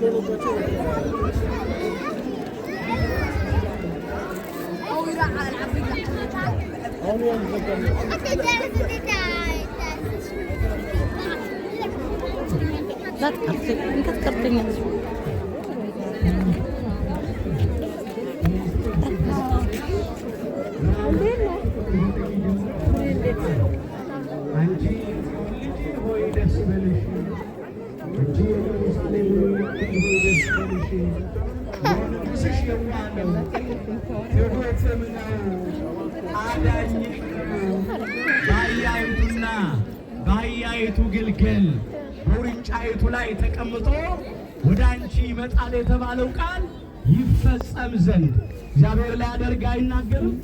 لا تكرتي انت تكرتيني በአህያይቱ ግልገል በውርንጫይቱ ላይ ተቀምጦ ወደ አንቺ ይመጣል የተባለው ቃል ይፈጸም ዘንድ እግዚአብሔር ላይ አደርጋ አይናገርም።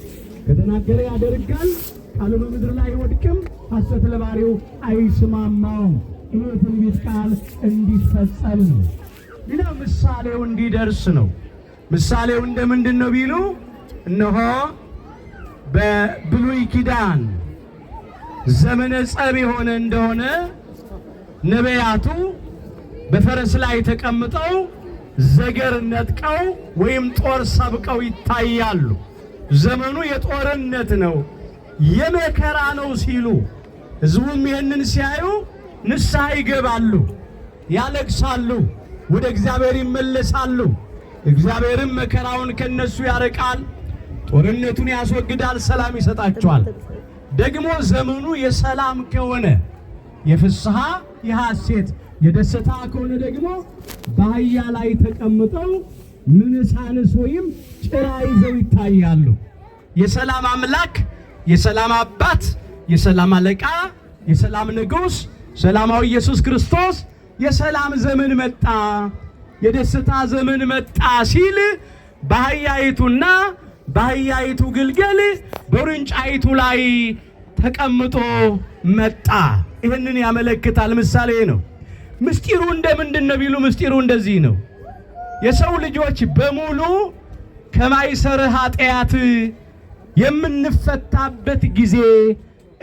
ከተናገረ ያደርጋል። ቃሉ በምድር ላይ አይወድቅም፣ ሐሰት ለባሪው አይስማማውም። ይህ ትንቢት ቃል እንዲፈጸም ነው። ሌላ ምሳሌው እንዲደርስ ነው። ምሳሌው እንደምንድን ነው ቢሉ እነሆ በብሉይ ኪዳን ዘመነ ጸብ የሆነ እንደሆነ ነቢያቱ በፈረስ ላይ ተቀምጠው ዘገር ነጥቀው ወይም ጦር ሰብቀው ይታያሉ። ዘመኑ የጦርነት ነው፣ የመከራ ነው ሲሉ ህዝቡም ይህንን ሲያዩ ንስሐ ይገባሉ፣ ያለቅሳሉ፣ ወደ እግዚአብሔር ይመለሳሉ። እግዚአብሔርም መከራውን ከነሱ ያርቃል፣ ጦርነቱን ያስወግዳል፣ ሰላም ይሰጣቸዋል። ደግሞ ዘመኑ የሰላም ከሆነ የፍስሐ የሐሴት የደስታ ከሆነ ደግሞ በአህያ ላይ ተቀምጠው ምንሳንስ ወይም ጭራ ይዘው ይታያሉ። የሰላም አምላክ፣ የሰላም አባት፣ የሰላም አለቃ፣ የሰላም ንጉሥ፣ ሰላማዊ ኢየሱስ ክርስቶስ የሰላም ዘመን መጣ፣ የደስታ ዘመን መጣ ሲል በአህያይቱና በአህያይቱ ግልገል በውርንጫይቱ ላይ ተቀምጦ መጣ። ይህንን ያመለክታል። ምሳሌ ነው። ምስጢሩ እንደ ምንድን ነው ቢሉ ምስጢሩ እንደዚህ ነው። የሰው ልጆች በሙሉ ከማይሰር ኃጢአት የምንፈታበት ጊዜ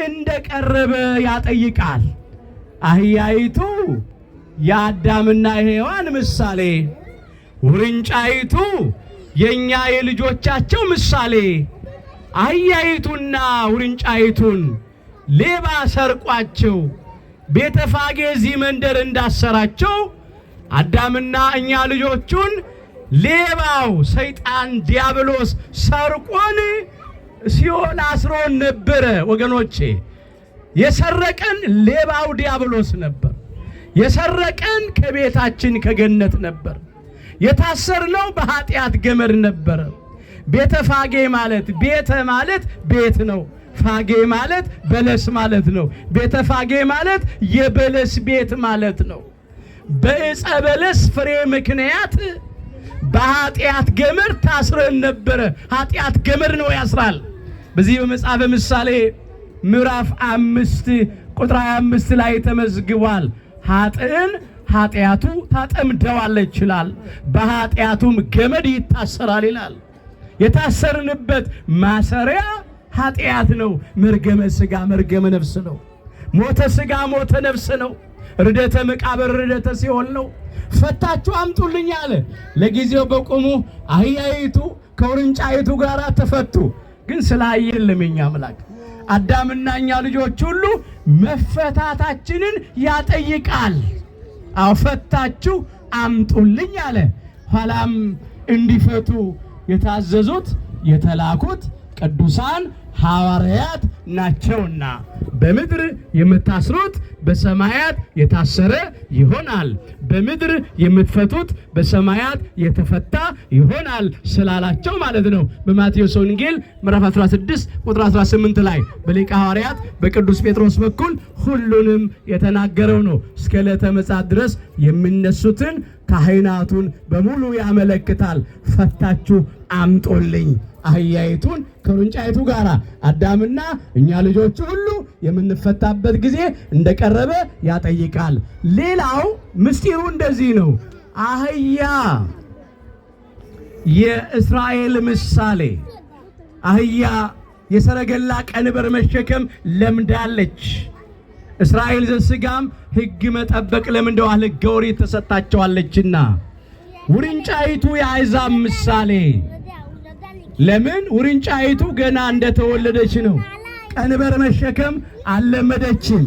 እንደቀረበ ያጠይቃል። አህያይቱ የአዳምና የሔዋን ምሳሌ፣ ውርንጫይቱ የእኛ የልጆቻቸው ምሳሌ አህያይቱና ውርንጫይቱን ሌባ ሰርቋቸው ቤተፋጌዚ እዚህ መንደር እንዳሰራቸው አዳምና እኛ ልጆቹን ሌባው ሰይጣን ዲያብሎስ ሰርቆን ሲኦል አስሮን ነበረ። ወገኖቼ የሰረቀን ሌባው ዲያብሎስ ነበር። የሰረቀን ከቤታችን ከገነት ነበር። የታሰርነው በኃጢአት ገመድ ነበር። ቤተ ፋጌ ማለት ቤተ ማለት ቤት ነው። ፋጌ ማለት በለስ ማለት ነው። ቤተ ፋጌ ማለት የበለስ ቤት ማለት ነው። በዕፀ በለስ ፍሬ ምክንያት በኃጢአት ገመድ ታስረን ነበረ። ኃጢአት ገመድ ነው ያስራል። በዚህ በመጽሐፈ ምሳሌ ምዕራፍ አምስት ቁጥር 25 ላይ ተመዝግቧል። ኃጥእን ኃጢአቱ ታጠምደዋለች ይላል፣ በኃጢአቱም ገመድ ይታሰራል ይላል። የታሰርንበት ማሰሪያ ኃጢአት ነው። መርገመ ስጋ መርገመ ነፍስ ነው። ሞተ ስጋ ሞተ ነፍስ ነው። ርደተ መቃብር ርደተ ሲኦል ነው። ፈታችሁ አምጡልኝ አለ። ለጊዜው በቁሙ አህያይቱ ከውርንጫይቱ ጋር ተፈቱ። ግን ስላየለም የኛ አምላክ አዳምና እኛ ልጆች ሁሉ መፈታታችንን ያጠይቃል። አዎ ፈታችሁ አምጡልኝ አለ። ኋላም እንዲፈቱ የታዘዙት የተላኩት ቅዱሳን ሐዋርያት ናቸውና በምድር የምታስሩት በሰማያት የታሰረ ይሆናል፣ በምድር የምትፈቱት በሰማያት የተፈታ ይሆናል ስላላቸው ማለት ነው። በማቴዎስ ወንጌል ምዕራፍ 16 ቁጥር 18 ላይ በሊቀ ሐዋርያት በቅዱስ ጴጥሮስ በኩል ሁሉንም የተናገረው ነው። እስከ ዕለተ ምጽአት ድረስ የሚነሱትን ካህናቱን በሙሉ ያመለክታል። ፈታችሁ አምጦልኝ አህያይቱን ከሩንጫይቱ ጋር አዳምና እኛ ልጆቹ ሁሉ የምንፈታበት ጊዜ እንደቀረበ ያጠይቃል። ሌላው ምስጢሩ እንደዚህ ነው። አህያ የእስራኤል ምሳሌ፣ አህያ የሰረገላ ቀንበር መሸከም ለምዳለች። እስራኤል ዘስጋም ሕግ መጠበቅ ለምንደዋ ሕገ ኦሪት ተሰጣቸዋለችና ውርንጫይቱ የአሕዛብ ምሳሌ ለምን? ውርንጫይቱ ገና እንደተወለደች ነው። ቀንበር መሸከም አልለመደችም።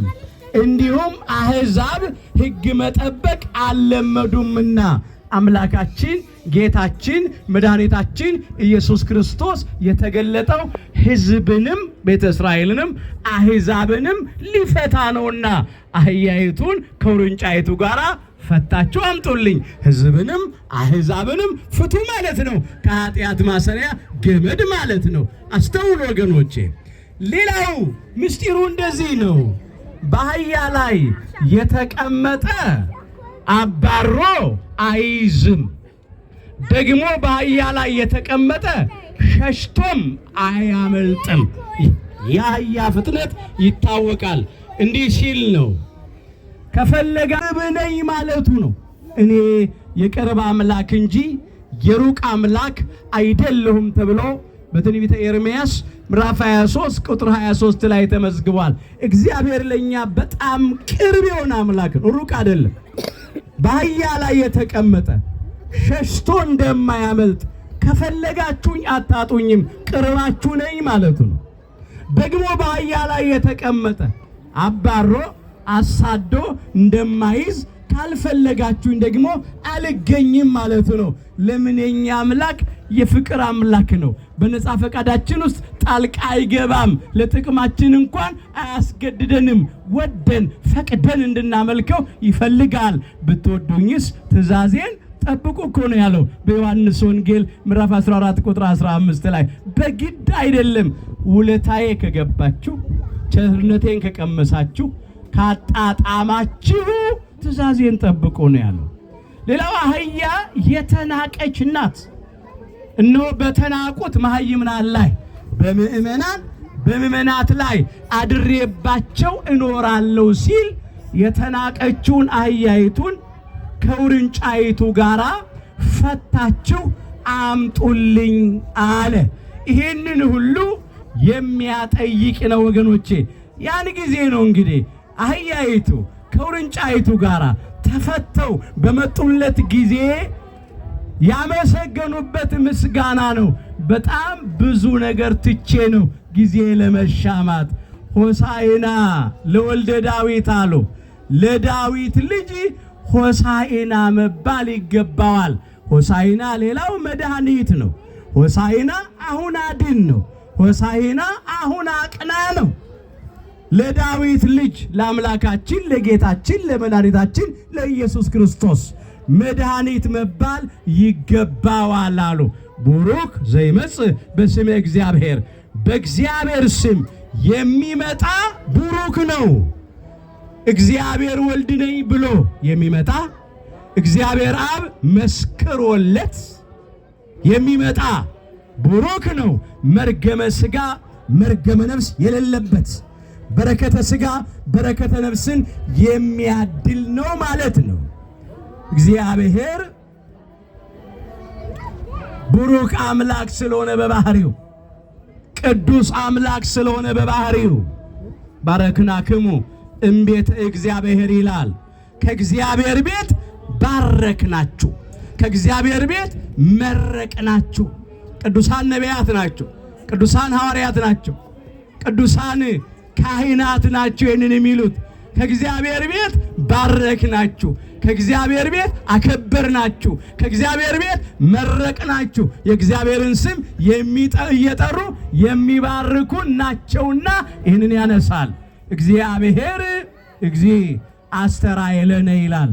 እንዲሁም አሕዛብ ሕግ መጠበቅ አልለመዱምና አምላካችን ጌታችን መድኃኒታችን ኢየሱስ ክርስቶስ የተገለጠው ሕዝብንም ቤተ እስራኤልንም አሕዛብንም ሊፈታ ነውና አህያይቱን ከውርንጫይቱ ጋራ ፈታችሁ አምጡልኝ። ህዝብንም አህዛብንም ፍቱ ማለት ነው። ከኃጢአት ማሰሪያ ገመድ ማለት ነው። አስተውል ወገኖቼ። ሌላው ምስጢሩ እንደዚህ ነው። በአህያ ላይ የተቀመጠ አባሮ አይዝም ደግሞ በአህያ ላይ የተቀመጠ ሸሽቶም አያመልጥም። የአህያ ፍጥነት ይታወቃል። እንዲህ ሲል ነው ከፈለገ ብነኝ ማለቱ ነው። እኔ የቅርብ አምላክ እንጂ የሩቅ አምላክ አይደለሁም ተብሎ በትንቢተ ኤርምያስ ምዕራፍ 23 ቁጥር 23 ላይ ተመዝግቧል። እግዚአብሔር ለእኛ በጣም ቅርብ የሆነ አምላክ ነው፣ ሩቅ አይደለም። በአህያ ላይ የተቀመጠ ሸሽቶ እንደማያመልጥ ከፈለጋችሁኝ አታጡኝም፣ ቅርባችሁ ነኝ ማለቱ ነው። ደግሞ በአህያ ላይ የተቀመጠ አባሮ አሳዶ እንደማይዝ ካልፈለጋችሁኝ ደግሞ አልገኝም ማለት ነው። ለምን የኛ አምላክ የፍቅር አምላክ ነው። በነፃ ፈቃዳችን ውስጥ ጣልቃ አይገባም። ለጥቅማችን እንኳን አያስገድደንም። ወደን ፈቅደን እንድናመልከው ይፈልጋል። ብትወዱኝስ ትእዛዜን ጠብቁ እኮ ነው ያለው በዮሐንስ ወንጌል ምዕራፍ 14 ቁጥር 15 ላይ በግድ አይደለም። ውለታዬ ከገባችሁ፣ ቸርነቴን ከቀመሳችሁ ካጣጣማችሁ ትእዛዜን ጠብቁ ነው ያለው። ሌላው አህያ የተናቀች ናት። እነሆ በተናቁት መሀይምናን ላይ በምእመናን በምእመናት ላይ አድሬባቸው እኖራለሁ ሲል የተናቀችውን አህያይቱን ከውርንጫይቱ ጋራ ፈታችሁ አምጡልኝ አለ። ይሄንን ሁሉ የሚያጠይቅ ነው ወገኖቼ። ያን ጊዜ ነው እንግዲህ አህያይቱ ከውርንጫይቱ ጋር ተፈተው በመጡለት ጊዜ ያመሰገኑበት ምስጋና ነው። በጣም ብዙ ነገር ትቼ ነው ጊዜ ለመሻማት ሆሳዕና ለወልደ ዳዊት አሉ። ለዳዊት ልጅ ሆሳኢና መባል ይገባዋል። ሆሳዕና ሌላው መድኃኒት ነው። ሆሳዕና አሁን አድን ነው። ሆሳዕና አሁን አቅና ነው። ለዳዊት ልጅ ለአምላካችን ለጌታችን ለመድኃኒታችን ለኢየሱስ ክርስቶስ መድኃኒት መባል ይገባዋል አሉ። ቡሩክ ዘይመጽእ በስመ እግዚአብሔር፣ በእግዚአብሔር ስም የሚመጣ ቡሩክ ነው። እግዚአብሔር ወልድ ነኝ ብሎ የሚመጣ እግዚአብሔር አብ መስክሮለት የሚመጣ ቡሩክ ነው። መርገመ ሥጋ መርገመ ነፍስ የሌለበት በረከተ ስጋ በረከተ ነፍስን የሚያድል ነው ማለት ነው። እግዚአብሔር ቡሩክ አምላክ ስለሆነ በባህሪው ቅዱስ አምላክ ስለሆነ በባህሪው ባረክናክሙ እምቤተ እግዚአብሔር ይላል። ከእግዚአብሔር ቤት ባረክናችሁ፣ ከእግዚአብሔር ቤት መረቅናችሁ። ቅዱሳን ነቢያት ናቸው። ቅዱሳን ሐዋርያት ናቸው። ቅዱሳን ካህናት ናችሁ። ይህንን የሚሉት ከእግዚአብሔር ቤት ባረክ ናችሁ፣ ከእግዚአብሔር ቤት አከበር ናችሁ፣ ከእግዚአብሔር ቤት መረቅ ናችሁ። የእግዚአብሔርን ስም እየጠሩ የሚባርኩ ናቸውና ይህንን ያነሳል። እግዚአብሔር እግዚ አስተራየለነ ይላል።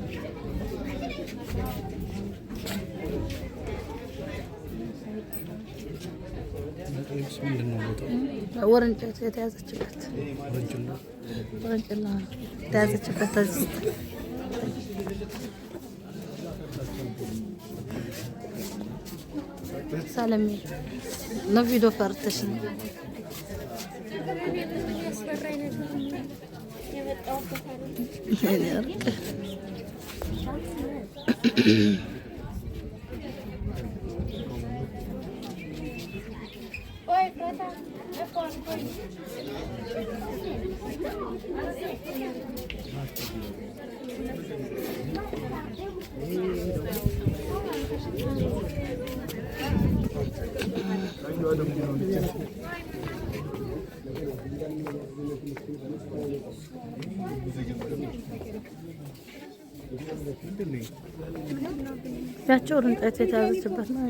ወረንጭት የተያዘችበት ወረንጭላ የተያዘችበት እዚህ ሰለሜ ለቪዲዮ ፈርተሽ ነው Ой, братан. ያቸው ርንጠት የታዘችበት ነው።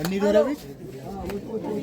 እኒህ ጎረቤት